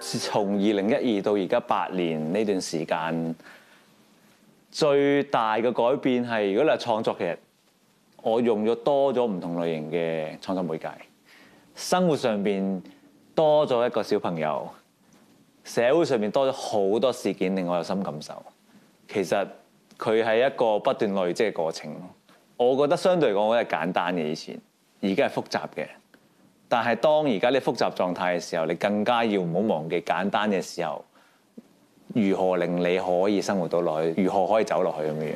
從二零一二到而家八年呢段時間，最大嘅改變係，如果你係創作嘅，我用咗多咗唔同類型嘅創作媒介，生活上邊多咗一個小朋友，社會上面多咗好多事件令我有新感受。其實佢係一個不斷累積嘅過程。我覺得相對嚟講，我係簡單嘅以前，而家係複雜嘅。但係當而家啲複雜狀態嘅時候，你更加要唔好忘記簡單嘅時候，如何令你可以生活到落去，如何可以走落去咁樣。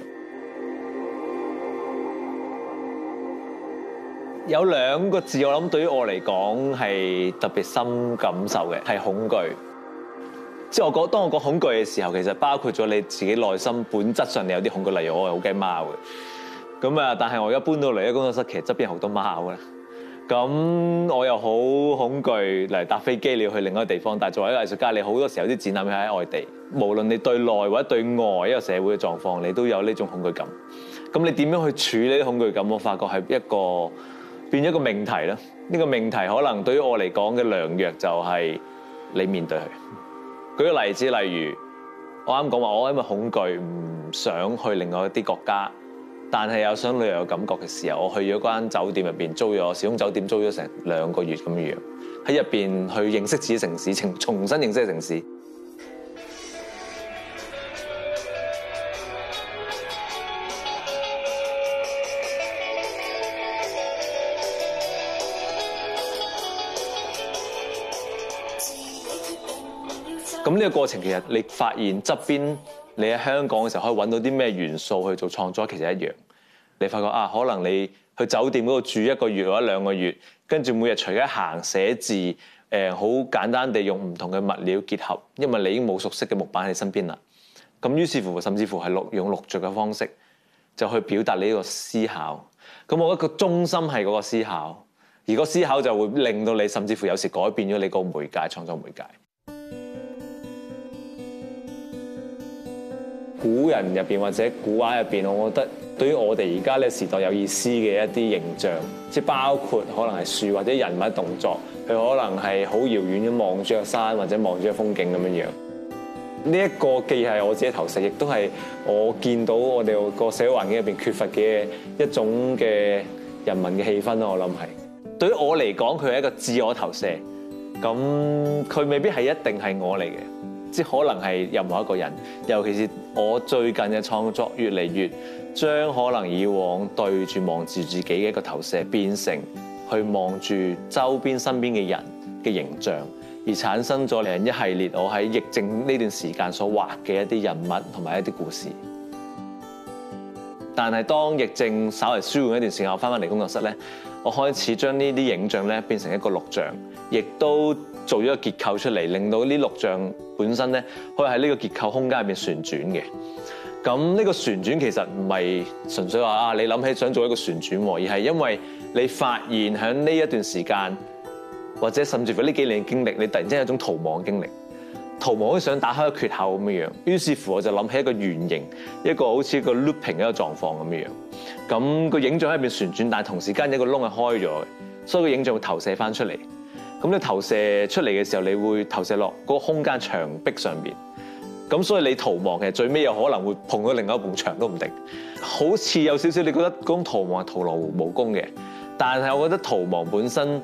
有兩個字，我諗對於我嚟講係特別深的感受嘅，係恐懼。即係我講，當我講恐懼嘅時候，其實包括咗你自己內心本質上你有啲恐懼。例如我係好驚貓嘅，咁啊，但係我而家搬到嚟嘅工作室，其實側邊好多貓嘅。咁我又好恐懼嚟搭飛機，你要去另外一個地方。但係作為一個藝術家，你好多時候啲展覽係喺外地，無論你對內或者對外一個社會嘅狀況，你都有呢種恐懼感。咁你點樣去處理呢種恐懼感？我發覺係一個變咗一個命題啦。呢個命題可能對於我嚟講嘅良藥就係你面對佢。舉個例子，例如我啱講話，我因為恐懼唔想去另外一啲國家。但係又想旅遊嘅感覺嘅時候，我去咗間酒店入邊租咗，小空酒店租咗成兩個月咁樣，喺入邊去認識自己嘅城市，重重新認識城市。咁呢個過程其實你發現側邊。你喺香港嘅時候可以揾到啲咩元素去做創作，其實一樣。你發覺啊，可能你去酒店嗰度住一個月或者兩個月，跟住每日除咗行、寫字，誒好簡單地用唔同嘅物料結合，因為你已經冇熟悉嘅木板喺身邊啦。咁於是乎，甚至乎係用錄着嘅方式，就去表達你呢個思考。咁我覺得個中心係嗰個思考，而個思考就會令到你，甚至乎有時改變咗你個媒介創作媒介。古人入面或者古畫入面我覺得對於我哋而家呢個時代有意思嘅一啲形象，即包括可能係樹或者人物動作，佢可能係好遙遠咁望住個山或者望住個風景咁樣樣。呢一個既係我自己投射，亦都係我見到我哋個社會環境入邊缺乏嘅一種嘅人民嘅氣氛咯。我諗係對於我嚟講，佢係一個自我投射。咁佢未必係一定係我嚟嘅，即可能係任何一個人，尤其是。我最近嘅創作越嚟越將可能以往對住望住自己嘅一個投射，變成去望住周邊身邊嘅人嘅形象，而產生咗另一系列我喺疫症呢段時間所畫嘅一啲人物同埋一啲故事。但係當疫症稍微舒緩一段時間，我翻返嚟工作室咧，我開始將呢啲影像咧變成一個錄像，亦都。做咗個結構出嚟，令到呢錄像本身咧，可以喺呢個結構空間入邊旋轉嘅。咁呢個旋轉其實唔係純粹話啊，你諗起想做一個旋轉，而係因為你發現喺呢一段時間，或者甚至乎呢幾年嘅經歷，你突然之間有一種逃亡經歷，逃亡好似想打開一個缺口咁樣樣。於是乎我就諗起一個圓形，一個好似個 looping 一個狀況咁樣樣。咁個影像喺入邊旋轉，但係同時間一個窿係開咗嘅，所以個影像會投射翻出嚟。咁你投射出嚟嘅時候，你會投射落嗰個空間牆壁上面，咁所以你逃亡其實最尾有可能會碰到另外一埲牆都唔定，好似有少少你覺得嗰種逃亡係徒勞無功嘅。但係我覺得逃亡本身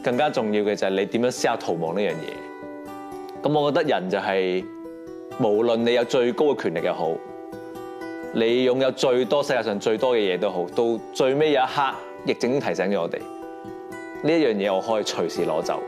更加重要嘅就係你點樣思考逃亡呢樣嘢。咁我覺得人就係、是、無論你有最高嘅權力又好，你擁有最多世界上最多嘅嘢都好，到最尾有一刻亦正正提醒咗我哋。呢一樣嘢，我可以隨時攞走。